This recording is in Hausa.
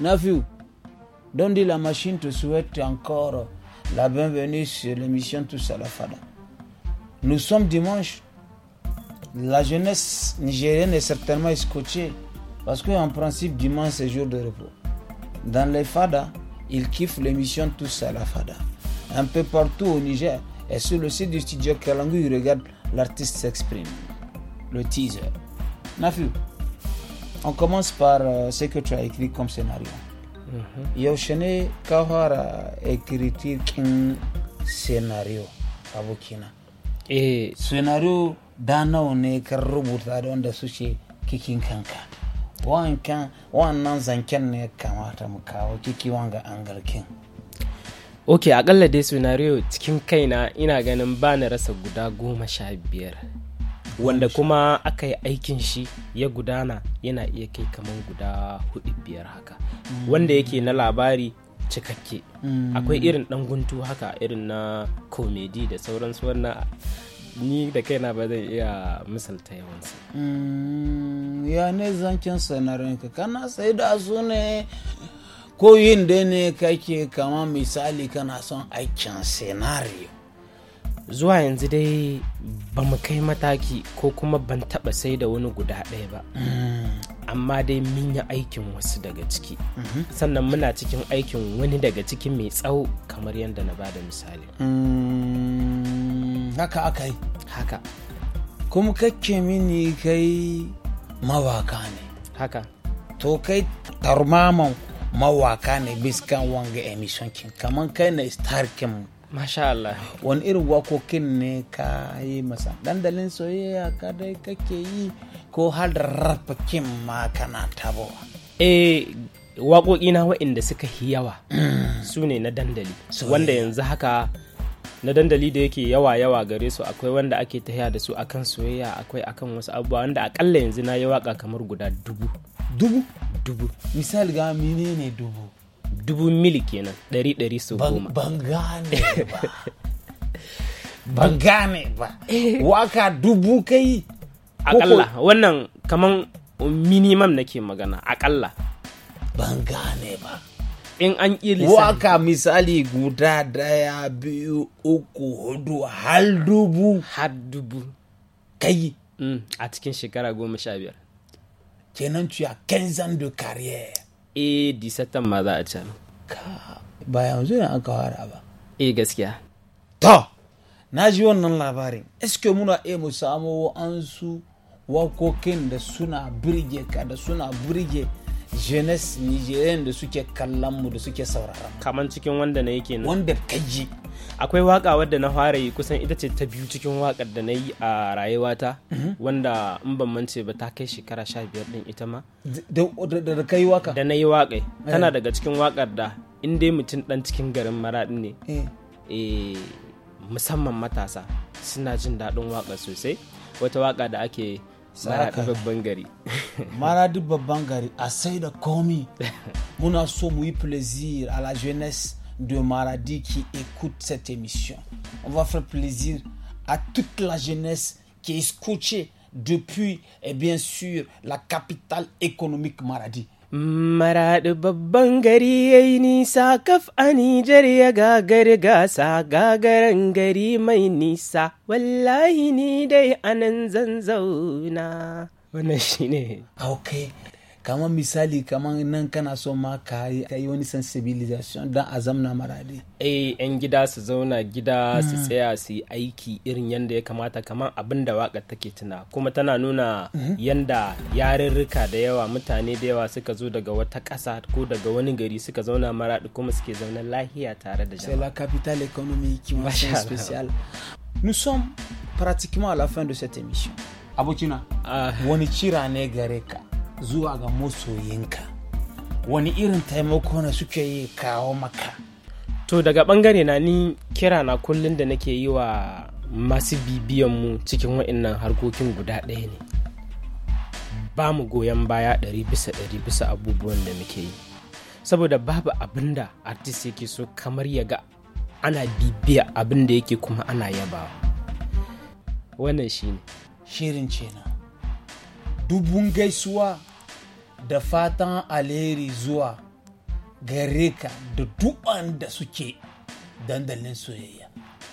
Nafu, Dondi la machine te souhaite encore la bienvenue sur l'émission Tous à la Fada. Nous sommes dimanche. La jeunesse nigérienne est certainement scotchée parce qu'en principe, dimanche c'est jour de repos. Dans les Fada, ils kiffent l'émission Tous à la Fada. Un peu partout au Niger et sur le site du studio Kalangu, ils regardent l'artiste s'exprime. Le teaser. Nafu, on commence par euh, ce que tu as écrit comme scénario yaushe ne ka fara ekiritikin scenario abokina eh scenario da nawa ne kan rubuta da suke kikin kanka wannan zanken ne kamata mu kawo kiki wanga an ok akalla dai scenario cikin kaina ina ganin ba na rasa guda goma sha biyar wanda kuma aka yi aikin shi ya gudana yana iya kai kamar guda hudu biyar haka mm. wanda yake na labari cikakke mm. akwai irin dan guntu haka irin na komedi da sauransu wannan ni da kaina ba zan iya misalta yawansu mm, ya ne zancen ka kana sai da su ne ko yin da ne kake kama misali kana son aikin senario zuwa yanzu dai ba mu kai mataki ko kuma ban taba sai da wani guda ɗaya ba mm. amma dai mun yi aikin wasu daga ciki mm-hmm. sannan muna cikin aikin wani daga ciki mai tsawo kamar yadda na bada misali mm, haka aka yi haka kuma kake mini kai mawaka ne haka to kai tarmaman mawaka ne biskan wanga emission kin kaman kai na starkin Masha Allah. Wani irin wakokin ne ka yi masa? Dandalin soyayya ka dai kake yi ko har da rafakin ma kana tabowa? Eh, na waɗanda suka yi yawa mm. su ne na dandali. Wanda yanzu haka na dandali da yake yawa yawa gare su akwai wanda ake tahiya da su akan soyayya akwai akan wasu abubuwa wanda akalla yanzu na yi waka kamar guda dubu. Dubu? Dubu. Misali ga menene dubu? dubu mili kenan ɗari ɗari su goma ban gane ba ban gane ba waka dubu kai akalla wannan kaman minimum nake magana akalla ban gane ba in an ƙi waka misali guda daya biyu uku hudu har dubu har dubu kai mm, a cikin shekara goma sha biyar kenan tu kenzan 15 de carrière eh disatan ma za a can ba yanzu ne an kawara ba e gaskiya to na ji wannan labarin iske muna e mu samo an su wakokin da suna birge ka da suna birge jenes nigerian da suke kallon mu da suke sauraron kaman cikin wanda na yake wanda kaji akwai waka wadda na fara yi kusan ita ce ta biyu cikin wakar da na yi a rayuwata mhm. wanda in ban mance ba ta kai shekara sha biyar din ita ma da ka yi waka da na yi waka eh. tana daga cikin wakar da in dai mutum dan cikin garin maraɗi ne eh. Eh, musamman matasa suna jin daɗin waka sosai wata waka da ake Maradi babban gari. Maradi babban gari, a sai da komi. Muna so mu yi plaisir a la jeunesse de Maradi qui écoute cette émission. On va faire plaisir à toute la jeunesse qui est scotchée depuis, et eh bien sûr, la capitale économique Maradi. Maraɗi babban gari yai nisa kaf a Nijar ya gasa gagaran gari mai nisa wallahi ni dai anan zan zauna. Wannan shine ah, Ok, kamar misali kamar nan kana so ma ka yi wani sensibilization don a zamna marade eh yan gida su zauna gida su mm. tsaya su yi aiki irin yadda ya kamata kamar abin da waka take tuna kuma tana nuna mm-hmm. yanda yarurruka da yawa mutane da yawa suka zo daga wata ƙasa ko daga wani gari suka zauna maradi kuma suke zauna lahiya tare da jama'a c'est la capitale économique spéciale nous sommes pratiquement à la fin de cette émission abokina ah. wani cira ne gare ka zuwa ga masoyinka wani irin taimako na suke yi kawo maka to daga bangare na ni kira na kullum da nake yi wa masu bibiyan mu cikin wa'annan harkokin guda ɗaya ne ba mu goyon baya ɗari bisa ɗari bisa abubuwan da muke yi saboda babu abin da artist yake so kamar ya ga ana bibiya abin da yake kuma ana yabawa wannan shi ne shirin ce na dubun gaisuwa da fatan alheri zuwa gareka da duk da suke dandalin soyayya